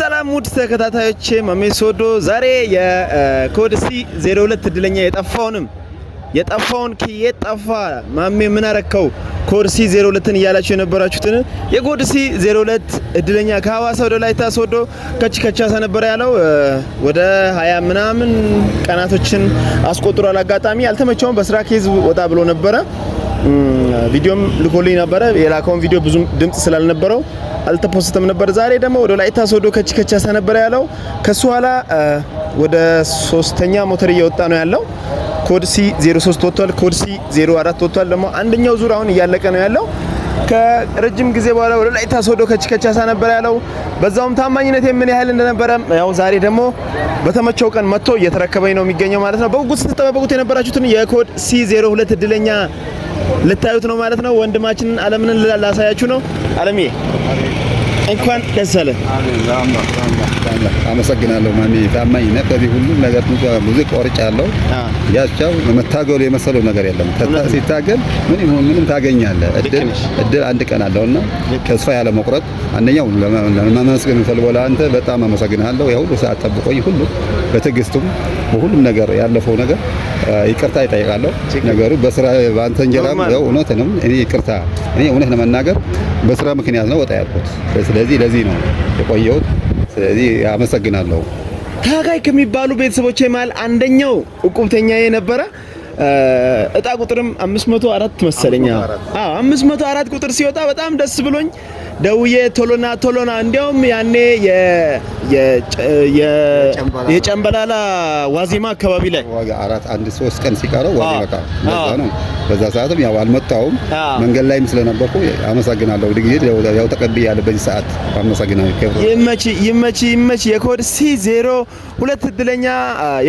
ሰላም ውድ ተከታታዮች ማሜሶዶ ዛሬ የኮድ ሲ 02 እድለኛ የጠፋውንም የጠፋውን ከየት ጠፋ ማሜ ምን አረከው ኮድ ሲ 02ን እያላችሁ የነበራችሁትን የኮድ ሲ 02 እድለኛ ከሀዋሳ ወደ ላይታ ሶዶ ከች ከቻሳ ነበር ያለው። ወደ ሀያ ምናምን ቀናቶችን አስቆጥሯል። አጋጣሚ አልተመቸውም። በስራ ኬዝ ወጣ ብሎ ነበረ። ቪዲዮም ልኮልኝ ነበረ። የላከውን ቪዲዮ ብዙም ድምጽ ስላልነበረው አልተፖስተም ነበር። ዛሬ ደግሞ ወደ ላይታ ሶዶ ከቺ ከቻሳ ነበር ያለው። ከሱ ኋላ ወደ ሶስተኛ ሞተር እየወጣ ነው ያለው። ኮድ ሲ 03 ወጥቷል። ኮድ ሲ 04 ወጥቷል። ደግሞ አንደኛው ዙር አሁን እያለቀ ነው ያለው። ከረጅም ጊዜ በኋላ ወደ ላይታ ሶዶ ከቺ ከቻሳ ነበር ያለው። በዛውም ታማኝነት የምን ያህል እንደነበረ ያው ዛሬ ደግሞ በተመቸው ቀን መጥቶ እየተረከበኝ ነው የሚገኘው ማለት ነው። በጉጉት ስትጠባበቁት የነበራችሁትን የኮድ ሲ 02 እድለኛ ልታዩት ነው ማለት ነው። ወንድማችንን አለምን ላሳያችሁ ነው። አለምዬ እንኳን ደስ አለ። አመሰግናለሁ ማሚ ታማኝ ነህ። ከዚህ ሁሉ ነገር ብዙ ቆርጫለሁ። ያቻው መታገሉ የመሰለው ነገር የለም። ሲታገል ምን ይሁን ምንም ታገኛለህ። እድል እድል አንድ ቀን አለውና ተስፋ ያለ መቁረጥ አንደኛው ለማመስገን ፈልጎላ ለአንተ በጣም አመሰግናለሁ። ያው ሁሉ ሰዓት ጠብቆኝ ሁሉ በትዕግስቱም በሁሉም ነገር ያለፈው ነገር ይቅርታ ይጠይቃለሁ። ነገሩ በስራ ባንተ እንጀራም ያው እውነትንም እኔ ይቅርታ እኔ እውነት ለመናገር በስራ ምክንያት ነው ወጣ ያልኩት። ስለዚህ ለዚህ ነው የቆየሁት። ስለዚህ አመሰግናለሁ። ታጋይ ከሚባሉ ቤተሰቦቼ መሃል አንደኛው እቁብተኛ ነበረ። እጣ ቁጥርም 504 መሰለኛ። አዎ 504 ቁጥር ሲወጣ በጣም ደስ ብሎኝ ደውዬ ቶሎና ቶሎና እንዲያውም ያኔ የ የ የጨምበላላ ዋዜማ አካባቢ ላይ አራት አንድ ሶስት ቀን ሲቀረው ዋዜማ ነው። ነው በዛ ሰዓትም ያው አልመጣሁም መንገድ ላይም ስለነበርኩ አመሰግናለሁ። ዲግሪ ያው ተቀብያለሁ። በዚህ ሰዓት አመሰግናለሁ። ይመች ይመች ይመች። የኮድ ሲ ዜሮ ሁለት እድለኛ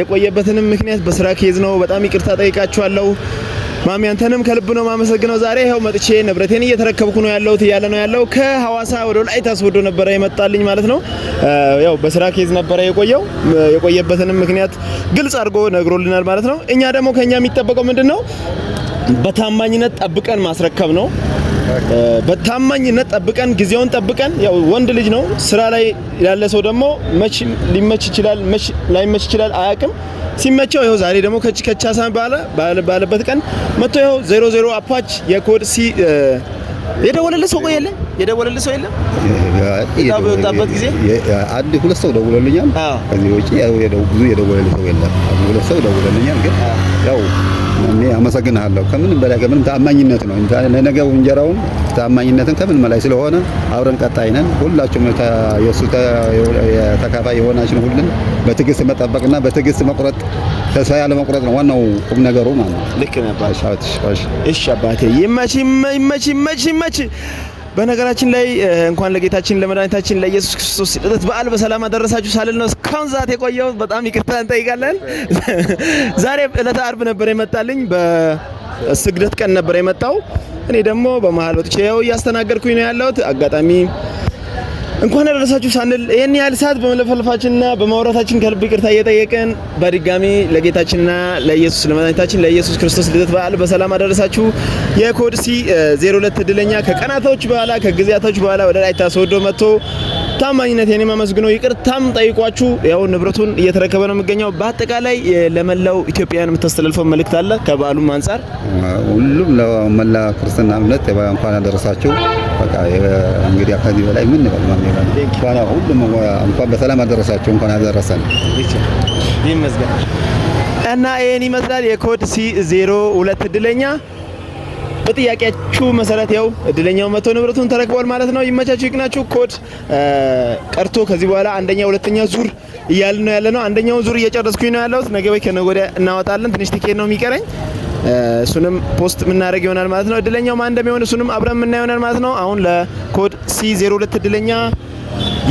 የቆየበትንም ምክንያት በስራ ኬዝ ነው። በጣም ይቅርታ ጠይቅ ጠይቃችኋለሁ። ማሚ አንተንም ከልብ ነው ማመሰግነው። ዛሬ ይኸው መጥቼ ንብረቴን እየተረከብኩ ነው ያለሁት እያለ ነው ያለው። ከሐዋሳ ወደ ወላይታ አስወዶ ነበረ የመጣልኝ ማለት ነው። ያው በስራ ኬዝ ነበረ የቆየው። የቆየበትንም ምክንያት ግልጽ አድርጎ ነግሮልናል ማለት ነው። እኛ ደግሞ ከኛ የሚጠበቀው ምንድን ነው? በታማኝነት ጠብቀን ማስረከብ ነው። በታማኝነት ጠብቀን ጊዜውን ጠብቀን ያው ወንድ ልጅ ነው። ስራ ላይ ያለ ሰው ደግሞ መች ሊመች ይችላል፣ መች ላይመች ይችላል፣ አያቅም። ሲመቸው ይኸው ዛሬ ደግሞ ከች ከቻሳ ባለ ባለበት ቀን መጥቶ ይኸው 00 አፓች የኮድ ሲ የደወለለ ሰው ቆየለ የደወለልህ ሰው የለም? የወጣበት ጊዜ አንድ ሁለት ሰው ደውሎልኛል። ከዚህ ውጪ ብዙ የደወለልህ ሰው የለም። ሁለት ሰው ደውሎልኛል። ግን ያው እኔ አመሰግናለሁ። ከምንም በላይ ከምንም ታማኝነት ነው። ለነገው እንጀራውን ታማኝነትን ከምን በላይ ስለሆነ አብረን ቀጣይ ነን። ሁላችሁም የእሱ ተካፋይ የሆናችን ሁሉን በትዕግስት መጠበቅና በትዕግስት መቁረጥ ተስፋ ያለ መቁረጥ ነው ዋናው ቁም ነገሩ ማለት ነው። ልክ ነህ አባቴ። እሺ አባቴ፣ ይመች ይመች ይመች ይመች በነገራችን ላይ እንኳን ለጌታችን ለመድኃኒታችን ለኢየሱስ ክርስቶስ ልደት በዓል በሰላም አደረሳችሁ ሳልል ነው እስካሁን ሰዓት የቆየው። በጣም ይቅርታ እንጠይቃለን። ዛሬ ዕለተ አርብ ነበር የመጣልኝ፣ በስግደት ቀን ነበር የመጣው። እኔ ደግሞ በመሀል ወጥቼ ያው እያስተናገድኩኝ ነው ያለሁት አጋጣሚ እንኳን አደረሳችሁ ሳንል ይህን ያህል ሰዓት በመለፈልፋችንና በማውራታችን ከልብ ይቅርታ እየጠየቅን በድጋሚ ለጌታችንና ለኢየሱስ ለመድኃኒታችን ለኢየሱስ ክርስቶስ ልደት በዓል በሰላም አደረሳችሁ። የኮድሲ 02 እድለኛ ከቀናታዎች በኋላ ከጊዜያታዎች በኋላ ወደ ላይ ሶዶ መጥቶ ታማኝነት የኔ ማመስግነው ይቅርታም ጠይቋችሁ ያው ንብረቱን እየተረከበ ነው የሚገኘው። በአጠቃላይ ለመላው ኢትዮጵያውያን የምታስተላልፈው መልእክት አለ ከባሉም አንጻር ሁሉም ለመላ ክርስትና እምነት እንኳን አደረሳችሁ። በቃ እንግዲህ ከዚህ በላይ ምን ነው ማለት ነው። ሁሉም እንኳን በሰላም አደረሳችሁ፣ እንኳን አደረሰን። ይህን መዝገብ እና ይህን ይመስላል የኮድ ሲ 02 ሁለት እድለኛ በጥያቄያችሁ መሰረት ያው እድለኛው መቶ ንብረቱን ተረክቧል ማለት ነው። ይመቻችሁ፣ ይቅናችሁ። ኮድ ቀርቶ ከዚህ በኋላ አንደኛ ሁለተኛ ዙር እያልን ነው ያለ ነው። አንደኛው ዙር እየጨረስኩኝ ነው ያለሁት። ነገ ወይ ከነገ ወዲያ እናወጣለን። ትንሽ ቲኬት ነው የሚቀረኝ እሱንም ፖስት የምናደርግ ይሆናል ማለት ነው። እድለኛው ማን እንደሚሆን እሱንም አብረን የምናይ ይሆናል ማለት ነው። አሁን ለኮድ ሲ 02 እድለኛ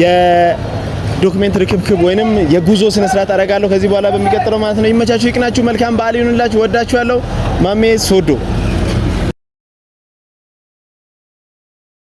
የዶክሜንት ርክብክብ ወይንም የጉዞ ስነ ስርዓት አደርጋለሁ ከዚህ በኋላ በሚቀጥለው ማለት ነው። ይመቻችሁ፣ ይቅናችሁ። መልካም በዓል ይሁንላችሁ። ወዳችሁ ያለው ማሜ ሶዶ